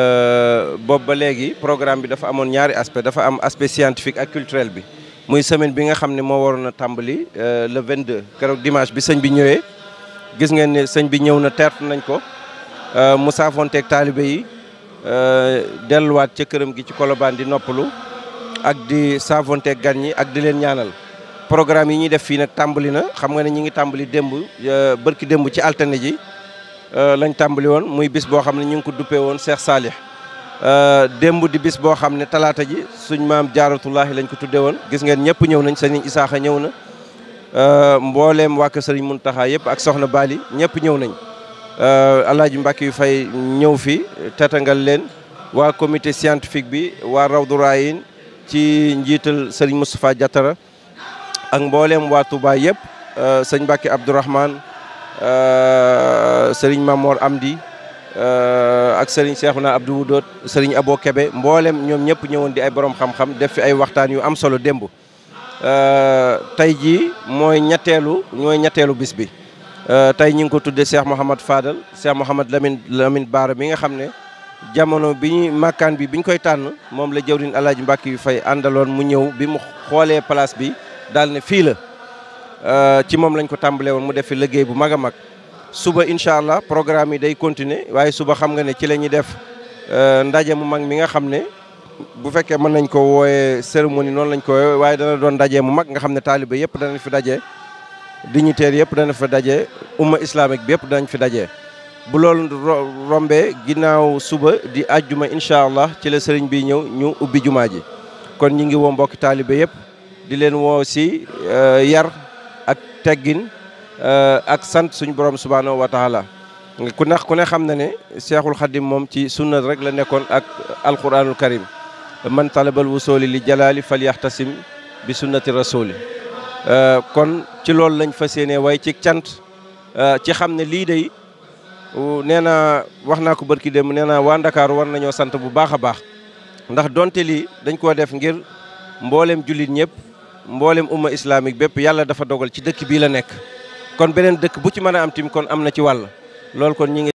Euh, boobu ba léegi programme bi dafa amoon ñaari aspect dafa am aspect scientifique ak culturel bi muy semaine bi nga xam ni moo waroon a tàmbali euh, le 22 keroog dimanche bi sëñ bi ñëwee gis ngeen ne sëñ bi ñëw na teertu nañ ko euh, mu saafoonteeg taalibe yi delluwaat ci këram gi ci Colobane di noppalu ak di saafoonteeg gan ñi ak di leen ñaanal programme yi ñuy def fii nag tàmbali na xam nga ne ñi ngi tàmbali démb bërki démb ci altine ji Euh, lañ tàmbali woon muy bis boo xam ne ñu ngi ko duppee woon Cheikh Salih euh, démb di bis boo xam ne talaata ji suñ maam jaaratullaahi lañ ko tuddee woon gis ngeen ñëpp ñëw nañ sëriñ a ñëw na euh, mbooleem waa kër sëriñ Muntaxa yëpp ak soxna baali ñëpp ñëw nañ alaaji Mbàkke yu fay ñëw fi tetangal leen waa comité scientifique bi waa Rawdu Rayine ci njiital sëriñ Moustapha Diatara ak mbooleem waa Touba yëpp sëñ Mbàkke Abdourahmane Euh, sëriñ Mamor Amdi euh, ak sëriñ Cheikhouna Abdou Wudóot sëriñ Abo Kebe mboolem ñoom ñëpp ñëwoon di ay boroom xam-xam def fi ay waxtaan yu am solo démb. Euh, tey ji mooy ñetteelu mooy ñetteelu bis bi tey ñu ngi ko tuddee Cheikh Mouhamad Fadal Cheikh Mouhamad Lamine Lamine Baara mi nga xam ne. jamono bi ñu màkkaan bi bi ñu koy tànn moom la jëwriñ Alaaji Mbàkke yu fay àndaloon mu ñëw bi mu xoolee place bi daal ne fii la Euh, ci moom lañ ko tàmbalee woon mu def fi liggéey bu mag a mag suba incha allah programme yi day continuer waaye suba xam nga ne ci la ñuy def euh, ndaje mu mag mi nga xam ne bu fekkee mën nañ ko wooyee cérémonie noonu lañ ko wooyee doon ndaje mu mag nga xam ne taalibe yëpp danañ fi daje. dignitaire yëpp dana fi daje umma islamique bi yëpp danañ fi daje. bu loolu rombee ginnaaw suba di ajjuma incha allah ci la sëriñ bi ñëw ñu ubbi jumaa ji kon ñu ngi woo mbokki taalibe yëpp di leen woo si euh, yar teggin euh, ak sant suñu borom subhaanahu wa taala ku ne ku ne xam na ne Cheikhul Khadim moom ci sunna rek la nekkoon ak alquranul karim man talabal wusooli li jalaali fal yaxtasim bi sunnati rasuli euh, kon ci loolu lañ fa yéene way ci cant euh, ci xam ne lii day nee na wax naa ko barki dem nee na waa Ndakaaru war nañoo sant bu baax a baax ndax donte lii dañ koo def ngir mboolem jullit ñépp mboolem umma islamique bépp yàlla dafa dogal ci dëkk bii la nekk kon beneen dëkk bu ci mën a am tim kon am na ci wàll loolu kon ñi ngi